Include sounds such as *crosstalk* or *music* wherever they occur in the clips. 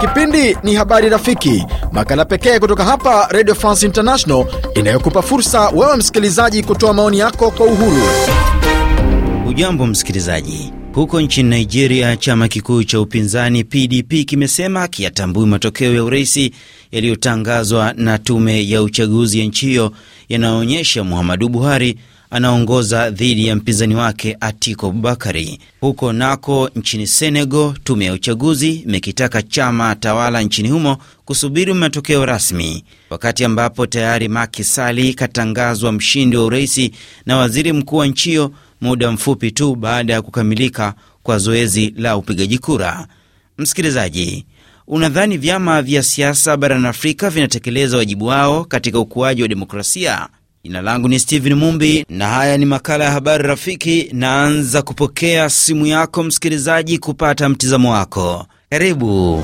Kipindi ni Habari Rafiki, makala pekee kutoka hapa Radio France International inayokupa fursa wewe msikilizaji kutoa maoni yako kwa uhuru. Ujambo msikilizaji. Huko nchini Nigeria, chama kikuu cha upinzani PDP kimesema kiyatambui matokeo ya uraisi yaliyotangazwa na tume ya uchaguzi ya nchi hiyo yanayoonyesha Muhammadu Buhari anaongoza dhidi ya mpinzani wake Atiko Bakari. Huko nako nchini Senegal, tume ya uchaguzi imekitaka chama tawala nchini humo kusubiri matokeo rasmi, wakati ambapo tayari Macky Sall katangazwa mshindi wa uraisi na waziri mkuu wa nchi hiyo muda mfupi tu baada ya kukamilika kwa zoezi la upigaji kura. Msikilizaji, unadhani vyama vya siasa barani Afrika vinatekeleza wajibu wao katika ukuaji wa demokrasia? Jina langu ni stehen Mumbi na haya ni makala ya habari rafiki. Naanza kupokea simu yako msikilizaji, kupata mtizamo wako. Karibu.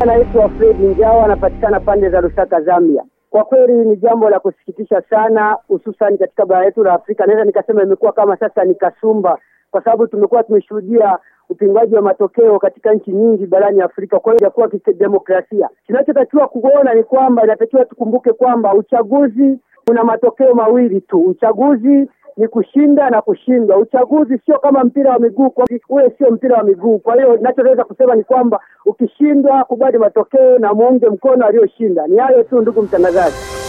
anaitwa Fred Njawa, anapatikana pande za Lusaka, Zambia. Kwa kweli ni jambo la kusikitisha sana, hususan katika bara letu la Afrika. Naweza nikasema imekuwa kama sasa ni kasumba, kwa sababu tumekuwa tumeshuhudia upingaji wa matokeo katika nchi nyingi barani Afrika. Kwa hiyo yakuwa kidemokrasia, kinachotakiwa kuona ni kwamba inatakiwa tukumbuke kwamba uchaguzi kuna matokeo mawili tu. Uchaguzi ni kushinda na kushindwa. Uchaguzi sio kama mpira wa miguu, kwa ule sio mpira wa miguu. Kwa hiyo ninachoweza kusema ni kwamba ukishindwa, kubali matokeo na muunge mkono aliyoshinda. Ni hayo tu, ndugu mtangazaji.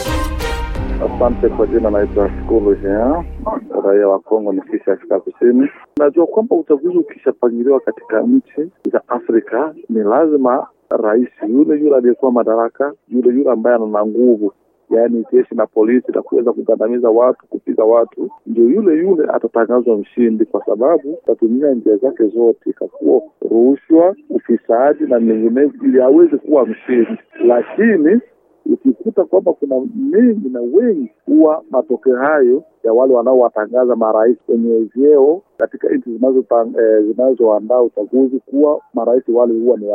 Asante kwa jina, naitwa Shukuru Jean, raia wa Kongo ni kisha Afrika Kusini. Najua kwamba uchaguzi ukishapangiliwa katika nchi za Afrika ni lazima rais yule yule aliyekuwa madaraka, yule yule ambaye ana nguvu yaani jeshi na polisi na kuweza kugandamiza watu, kupiga watu, ndio yule yule atatangazwa mshindi, kwa sababu atatumia njia zake zote, ikakuwa rushwa, ufisadi na menginezo, ili aweze kuwa mshindi, lakini ukikuta kwamba kuna mengi na wengi, huwa matokeo hayo ya wale wanaowatangaza marais kwenye vyeo katika nchi eh, zinazoandaa eh, uchaguzi kuwa marais wale huwa ni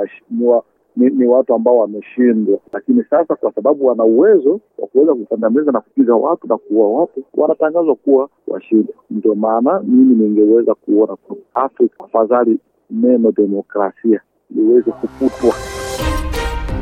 ni, ni watu ambao wameshindwa, lakini sasa kwa sababu wana uwezo wa kuweza kukandamiza na kupiga watu na kuua watu, wanatangazwa kuwa washindwa. Ndio maana mimi ningeweza kuona kwa Afrika afadhali neno demokrasia liweze kufutwa.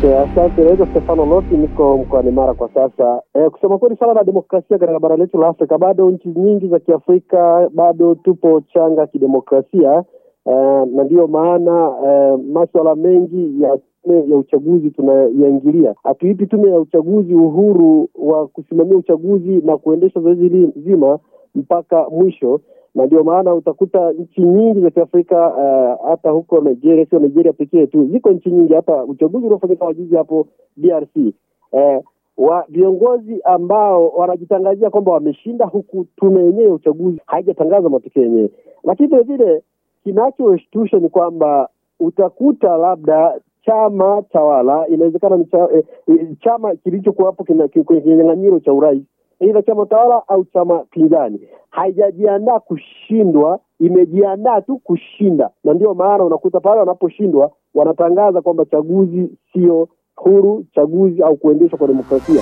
Asante. Naitwa Stefano Loti, niko mkoani Mara kwa sasa. E, kusema kweli, swala la demokrasia katika bara letu la Afrika, bado nchi nyingi za Kiafrika bado tupo changa kidemokrasia, e, na ndiyo maana e, maswala mengi ya tume ya uchaguzi tunayaingilia. Hatuipi tume ya uchaguzi uhuru wa kusimamia uchaguzi na kuendesha zoezi hili zima mpaka mwisho na ndio maana utakuta nchi nyingi za Kiafrika eh, hata uh, huko Nigeria, sio Nigeria pekee tu, ziko nchi nyingi. Hata uchaguzi uliofanyika wajuzi hapo DRC uh, eh, wa viongozi ambao wanajitangazia kwamba wameshinda, huku tume yenyewe ya uchaguzi haijatangaza matokeo yenyewe. Lakini vilevile kinachoshtusha ni kwamba utakuta labda chama tawala inawezekana ni eh, chama kilichokuwapo kwenye kinyang'anyiro cha urais, aidha chama tawala au chama pinzani, haijajiandaa kushindwa, imejiandaa tu kushinda, na ndio maana unakuta pale wanaposhindwa wanatangaza kwamba chaguzi sio huru, chaguzi au kuendeshwa kwa demokrasia.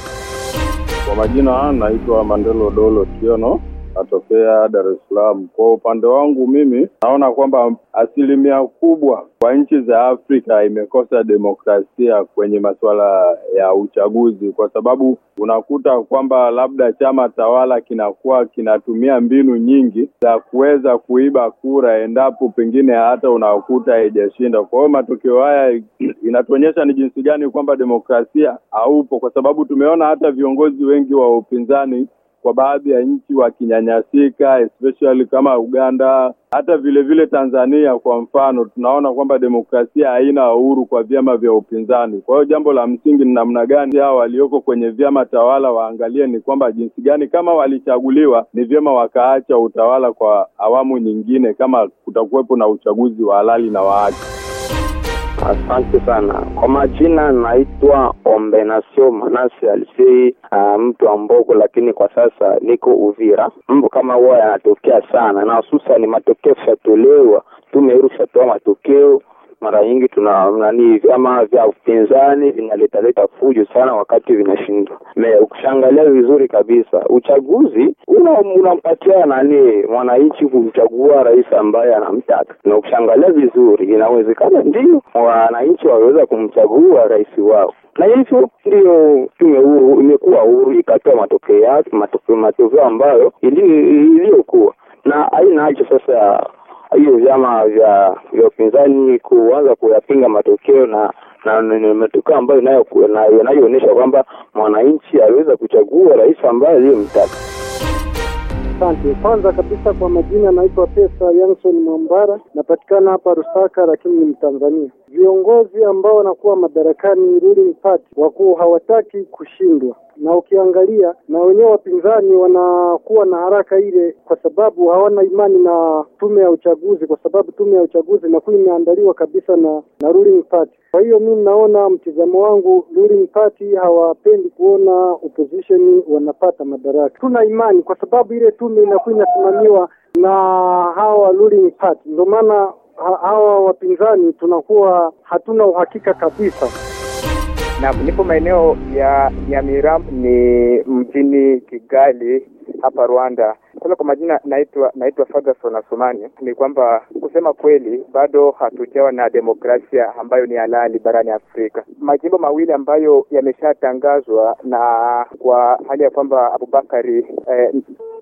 Kwa majina naitwa Mandelo Dolo Kiono, natokea Dar es Salaam. Kwa upande wangu mimi naona kwamba asilimia kubwa kwa nchi za Afrika imekosa demokrasia kwenye masuala ya uchaguzi, kwa sababu unakuta kwamba labda chama tawala kinakuwa kinatumia mbinu nyingi za kuweza kuiba kura endapo pengine hata unakuta haijashinda. Kwa hiyo matokeo haya *clears throat* inatuonyesha ni jinsi gani kwamba demokrasia haupo, kwa sababu tumeona hata viongozi wengi wa upinzani kwa baadhi ya nchi wakinyanyasika, especially kama Uganda, hata vile vile Tanzania. Kwa mfano, tunaona kwamba demokrasia haina uhuru kwa vyama vya upinzani. Kwa hiyo jambo la msingi ni namna gani hao walioko kwenye vyama tawala waangalie ni kwamba jinsi gani kama walichaguliwa, ni vyema wakaacha utawala kwa awamu nyingine, kama kutakuwepo na uchaguzi wa halali na wa haki. Asante sana kwa majina, naitwa Ombenasio Manase Alisei, uh, mtu wa Mbogo, lakini kwa sasa niko Uvira. Mambo kama huwa yanatokea sana, na hususan matokeo fyatolewa tume huru matokeo mara nyingi tuna nani vyama vya upinzani vinaletaleta fujo sana wakati vinashindwa. Ukishangalia vizuri kabisa uchaguzi unampatia nani mwananchi kumchagua rais ambaye anamtaka, na ukishangalia vizuri inawezekana ndio wananchi waweza kumchagua rais wao na hivyo ndiyo tume huru imekuwa huru ikatoa matokeo yake, matokeo ambayo iliyokuwa na aina hicho sasa hivyo vyama vya vya upinzani kuanza kuyapinga matokeo na na matokeo ambayo yanayoonyesha kwamba mwananchi aliweza kuchagua rais ambaye aliyemtaka. Asante. Kwanza kabisa kwa majina, naitwa Pesa Yanson Mwambara, napatikana hapa Rusaka, lakini ni Mtanzania. Viongozi ambao wanakuwa madarakani ruling party wakuu hawataki kushindwa na ukiangalia na wenyewe wapinzani wanakuwa na haraka ile, kwa sababu hawana imani na tume ya uchaguzi, kwa sababu tume ya uchaguzi inakuwa imeandaliwa kabisa na, na ruling party. Kwa hiyo mimi naona mtizamo wangu ruling party hawapendi kuona opposition wanapata madaraka. Tuna imani kwa sababu ile tume inakuwa inasimamiwa na hawa ruling party, ndio maana hawa wapinzani tunakuwa hatuna uhakika kabisa. Na nipo maeneo ya Nyamiram ni mjini Kigali hapa Rwanda. Kwanza kwa majina naitwa naitwa Ferguson Asumani. Ni kwamba kusema kweli, bado hatujawa na demokrasia ambayo ni halali barani Afrika. Majimbo mawili ambayo yameshatangazwa na kwa hali ya kwamba Abubakari eh,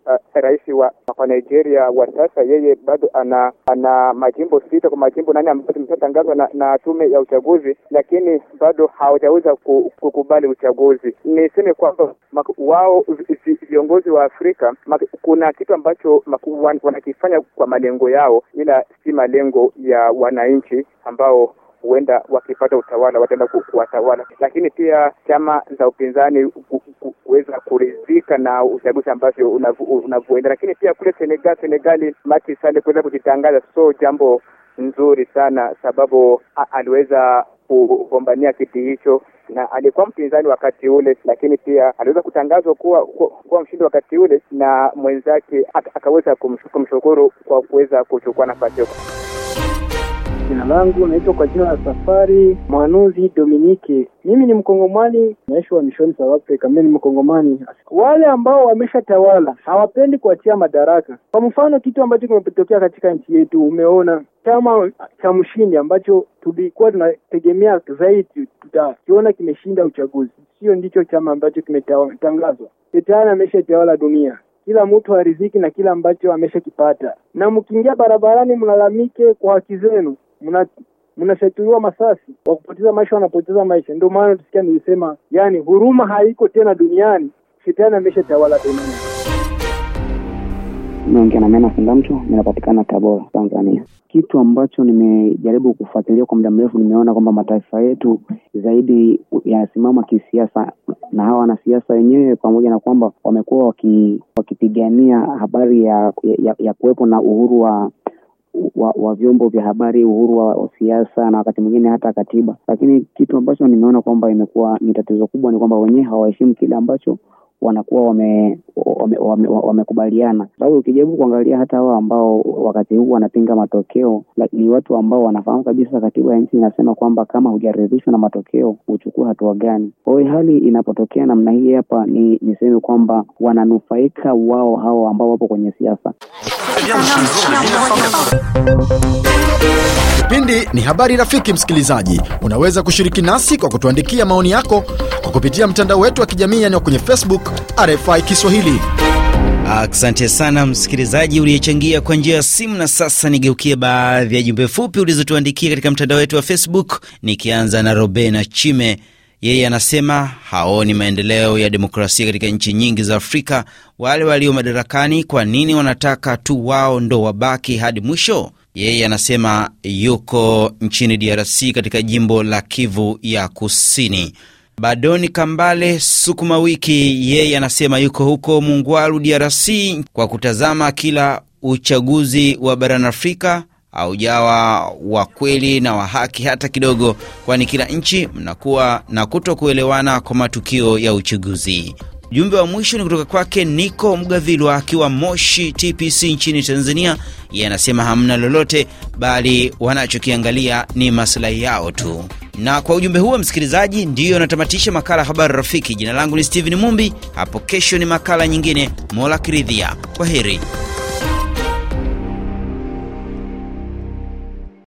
uh, rais wa kwa Nigeria wa sasa, yeye bado ana ana majimbo sita kwa majimbo nane ambayo zimeshatangazwa na, na tume ya uchaguzi, lakini bado hawajaweza kukubali uchaguzi. Niseme kwamba wao viongozi wa Afrika kuna kitu ambacho wan, wanakifanya kwa malengo yao, ila si malengo ya wananchi ambao huenda wakipata utawala wataenda kuwatawala, lakini pia chama za upinzani kuweza kuridhika na uchaguzi ambavyo unavyoenda, lakini pia kule Senegal, Senegali Macky Sall kuweza kujitangaza so jambo nzuri sana, sababu aliweza kugombania kiti hicho na alikuwa mpinzani wakati ule, lakini pia aliweza kutangazwa kuwa, kuwa, kuwa mshindi wakati ule, na mwenzake akaweza kumshukuru kwa kuweza kuchukua nafasi hiyo. Jina langu naitwa kwa jina la Safari Mwanuzi Dominiki. Mimi ni Mkongomani, naishi uhamishoni South Africa. Mimi ni Mkongomani. Wale ambao wameshatawala hawapendi kuachia madaraka. Kwa mfano, kitu ambacho kimetokea katika nchi yetu, umeona chama cha mshindi ambacho tulikuwa tunategemea zaidi tutakiona kimeshinda uchaguzi, sio ndicho chama ambacho kimetangazwa. Shetani ameshatawala dunia kila mtu ariziki na kila ambacho ameshakipata, na mkiingia barabarani mlalamike kwa haki zenu mna masasi wa kupoteza maisha wanapoteza maisha. Ndio maana tusikia nilisema, yani huruma haiko tena duniani, shetani ameshatawala dunia. Nongenamena Sindamcho, ninapatikana Tabora, Tanzania. Kitu ambacho nimejaribu kufuatilia kwa muda mrefu, nimeona kwamba mataifa yetu zaidi yanasimama kisiasa na hawa wanasiasa wenyewe, pamoja na kwamba wamekuwa wakipigania habari ya, ya, ya kuwepo na uhuru wa wa, wa vyombo vya habari, uhuru wa, wa siasa na wakati mwingine hata katiba. Lakini kitu ambacho nimeona kwamba imekuwa ni tatizo kubwa ni kwamba wenyewe hawaheshimu kile ambacho wanakuwa wamekubaliana wame, wame, wame sababu ukijaribu kuangalia hata hao ambao wakati huu wanapinga matokeo ni watu ambao wanafahamu kabisa katiba ya nchi inasema kwamba kama hujaridhishwa na matokeo huchukua hatua gani. Kwa hiyo hali inapotokea namna hii hapa, ni niseme kwamba wananufaika wao hao ambao wapo kwenye siasa. Kipindi ni habari rafiki. Msikilizaji, unaweza kushiriki nasi kwa kutuandikia maoni yako kwa kupitia mtandao wetu wa kijamii yaani kwenye Facebook RFI Kiswahili. Asante sana msikilizaji uliyechangia kwa njia ya simu. Na sasa nigeukie baadhi ya jumbe fupi ulizotuandikia katika mtandao wetu wa Facebook, nikianza na Robena Chime. Yeye anasema haoni maendeleo ya demokrasia katika nchi nyingi za Afrika. Wale walio madarakani, kwa nini wanataka tu wao ndo wabaki hadi mwisho? Yeye anasema yuko nchini DRC katika jimbo la Kivu ya Kusini. Badoni Kambale Sukuma Wiki, yeye anasema yuko huko Mungwalu, DRC, kwa kutazama kila uchaguzi wa barani Afrika haujawa wa kweli na wa haki hata kidogo, kwani kila nchi mnakuwa na kuto kuelewana kwa matukio ya uchaguzi. Ujumbe wa mwisho ni kutoka kwake Niko Mgavilwa akiwa Moshi TPC nchini Tanzania. Yeye anasema hamna lolote, bali wanachokiangalia ni maslahi yao tu. Na kwa ujumbe huo, msikilizaji, ndiyo natamatisha makala Habari Rafiki. Jina langu ni Steven Mumbi. Hapo kesho ni makala nyingine, Mola kiridhia. Kwa heri.